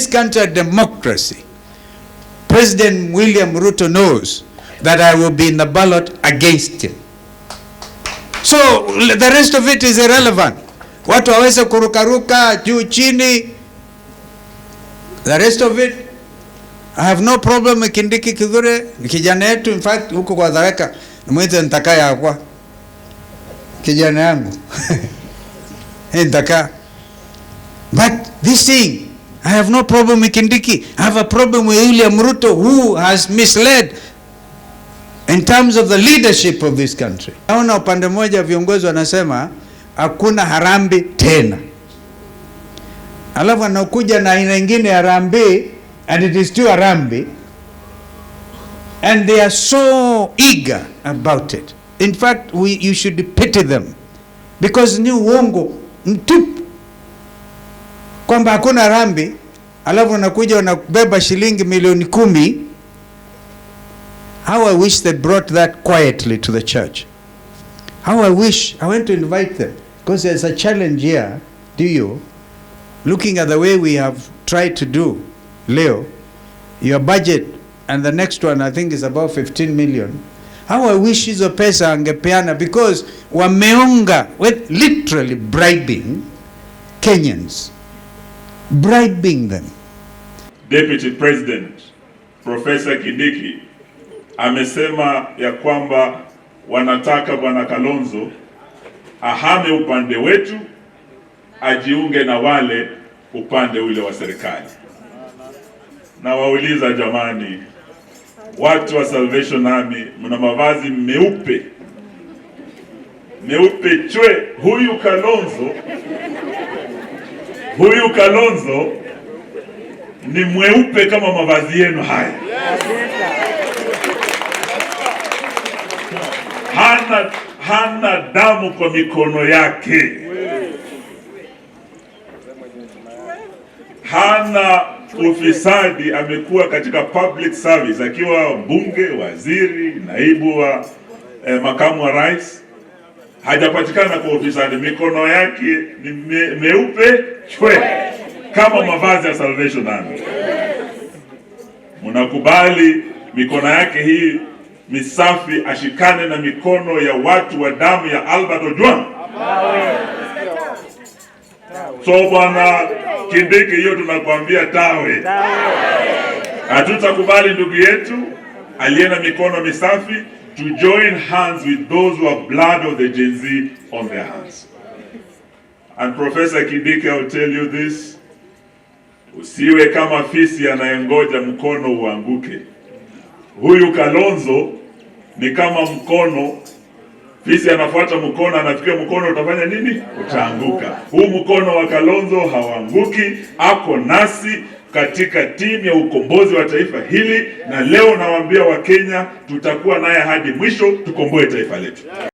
this country a democracy, President William Ruto knows that I will be in the ballot against him. So the rest of it is irrelevant. Watu waweze kurukaruka juu chini. The rest of it I have no problem. Kindiki Kithure ni kijana yetu, in fact huko kwa Tharaka nimwite nitakaya akwa kijana yangu nitaka but this thing I have no problem with Kindiki. I have a problem with William Ruto who has misled in terms of the leadership of this country. Naona upande mmoja viongozi wanasema hakuna harambi tena, alafu anakuja na aina nyingine harambi and it is still harambi and they are so eager about it. In fact, we, you should pity them because ni uongo mtupu kwamba hakuna rambi, alafu wanakuja wanabeba shilingi milioni kumi. How I wish they brought that quietly to the church. How I wish I want to invite them because there's a challenge here. Do you looking at the way we have tried to do leo your budget and the next one I think is about 15 million. How I wish hizo pesa angepeana because wameonga with literally bribing Kenyans bribing them. Deputy President Professor Kidiki amesema ya kwamba wanataka Bwana Kalonzo ahame upande wetu ajiunge na wale upande ule wa serikali. Na wauliza jamani, watu wa Salvation Army mna mavazi meupe meupe chwe, huyu Kalonzo Huyu Kalonzo ni mweupe kama mavazi yenu haya, hana hana damu kwa mikono yake, hana ufisadi. Amekuwa katika public service akiwa mbunge, waziri, naibu wa eh, makamu wa rais hajapatikana kwa ufisadi, mikono yake ni me, meupe chwe kama mavazi ya Salvation Army. Mnakubali mikono yake hii misafi ashikane na mikono ya watu wa damu ya Albert Ojwang? So bwana Kindiki, hiyo tunakwambia tawe. Hatutakubali ndugu yetu aliye na mikono misafi to join hands with those who have blood of the Gen Z on their hands. And Professor Kibike, will tell you this, usiwe kama fisi anayengoja mkono uanguke. Huyu Kalonzo ni kama mkono fisi anafuata mkono, anafikia mkono, utafanya nini? Utaanguka. Huu mkono wa Kalonzo hauanguki, ako nasi katika timu ya ukombozi wa taifa hili, na leo nawaambia Wakenya tutakuwa naye hadi mwisho tukomboe taifa letu.